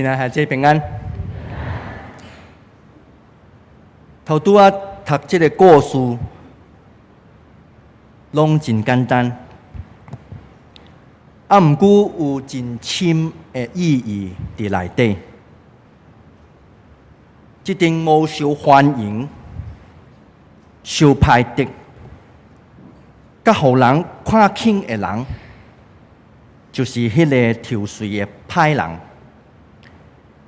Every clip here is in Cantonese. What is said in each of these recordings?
現在係最平安。頭拄啊，讀即個故事攏真簡單，啊毋過有真深誒意義。佇內底，即定無受歡迎，受歹待。甲互人看輕誒人，就是迄個挑水誒歹人。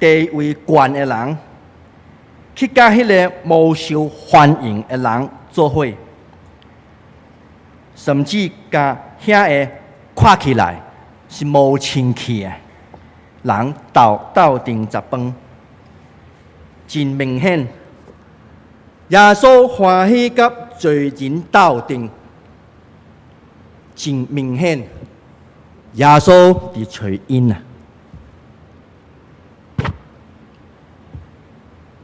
地位懸嘅人，去甲迄個唔受歡迎嘅人做伙，甚至甲啲嘢看起來，是冇清氣嘅人鬥鬥陣十分，真明顯。耶穌歡喜甲罪人鬥陣，真明顯。耶穌是找因啊！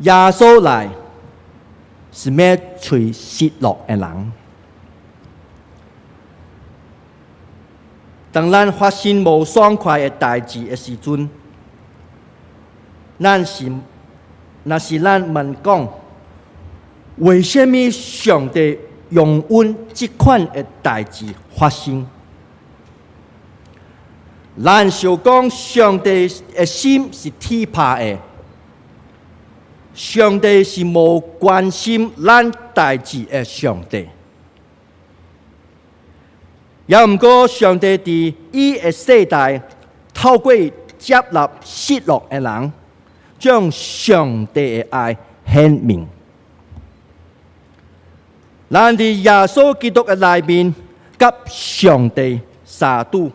耶穌來是咩最失落嘅人？當咱發生無爽快嘅代志嘅時陣，咱是那是咱問講，為啥物上帝容允即款嘅代志發生？咱想講，上帝嘅心是鐵打嘅。上帝是無關心咱代志嘅上帝，又唔過上帝在伊嘅世代透過接納失落嘅人，將上帝嘅愛顯明。咱哋在耶穌基督嘅內面及上帝撒度，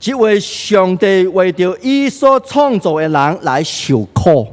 即為上帝為着伊所創造嘅人來受苦。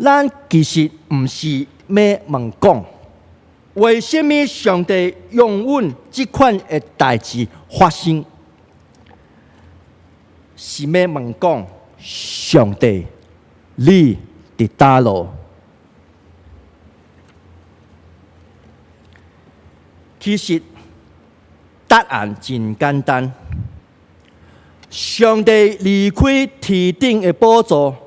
阮其實唔是欲問講，為蝦米上帝用阮這款嘅代志發生？是欲問講，上帝，你佇倒落。其實答案真簡單。上帝離開天頂嘅寶座。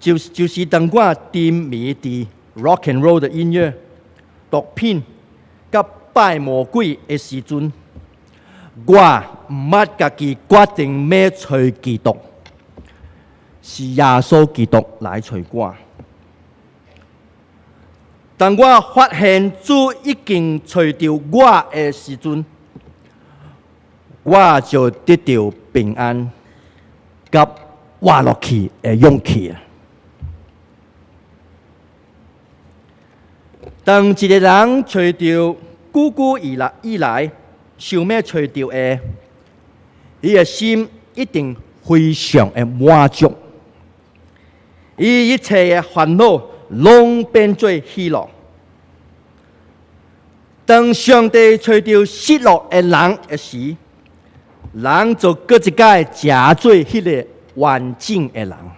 就就是當我沉迷啲 rock and roll 的音樂毒品、和拜魔鬼的時陣，我唔乜嘅己決定咩找毒，是耶穌忌毒來找我。當我發現主已經找到我的時陣，我就得到平安和活下去的勇氣。當一個人找到久久以來想要找到的，伊的心一定非常的滿足，以一切嘅煩惱攏變作喜樂。當上帝找到失落的人的時候，人就各一個正最喜樂環境嘅人。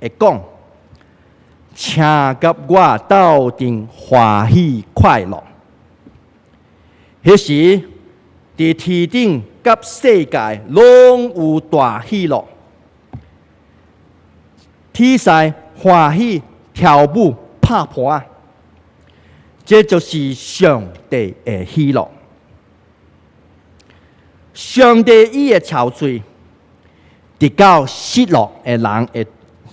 會講，請給我鬥陣歡喜快樂。彼時，佇天頂及世界，攏有大喜樂，天使歡喜跳舞拍盤，即這就是上帝嘅喜樂。上帝伊嘅憔悴，直到失落嘅人嘅。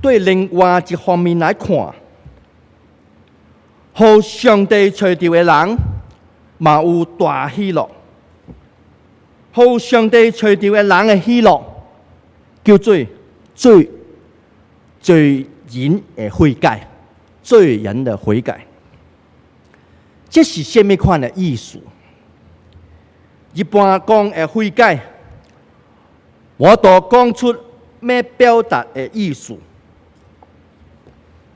對另外一方面來看，予上帝垂掉找到嘅人，嘛有大喜樂；予上帝找到嘅人嘅喜樂，叫做罪罪人嘅悔改，罪人嘅悔改，即是啥物款嘅意思？一般講嘅悔改，我度講出要表達嘅意思？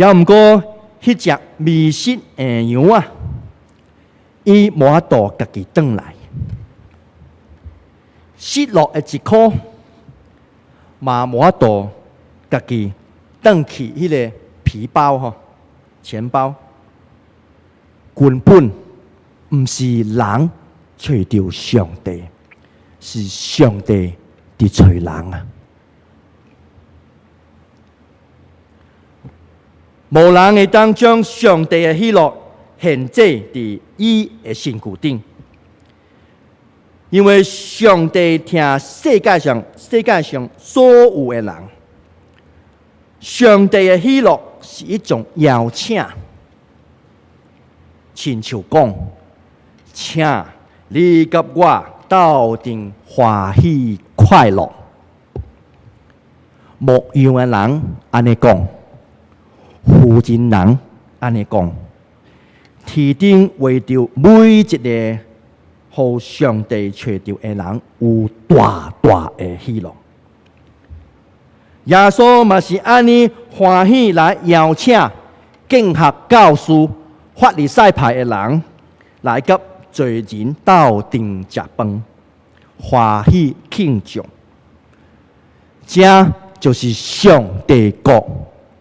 又唔過，呢隻迷失的羊啊，伊冇法度自己回來，失落的一顆，冇法度自己回去呢個皮包嗬，錢包，根本唔是人，找著上帝，是上帝嚟找人。無人會當將上帝嘅喜樂限制佇伊嘅身軀頂，因為上帝聽世界上世界上所有嘅人，上帝嘅喜樂是一種邀請，請求講，請你甲我鬥陣，歡喜快樂，無用嘅人，安尼講。福音人，人，安尼講，天頂為着每一個予上帝找到嘅人有大大嘅希望。耶穌嘛是安尼歡喜來邀請敬學教師、告法利賽派嘅人來甲罪人鬥陣食飯，歡喜慶祝，遮就是上帝國。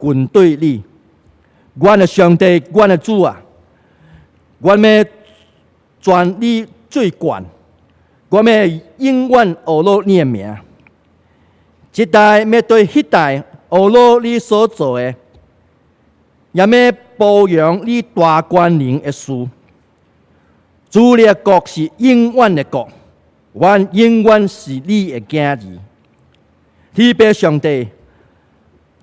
反對你，阮的上帝，阮的主啊！阮要全力最懸。阮要永遠阿羅你嘅名，一代要對迄代阿羅你所做嘅，也要保養你大關寧的事，主嘅國是永遠嘅國，阮永遠是你嘅家己，特別上帝。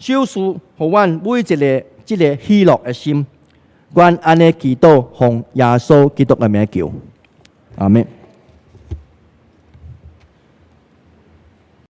消除我阮每一個、一個喜樂嘅心，阮安尼祈禱，互耶穌基督的名叫，阿們。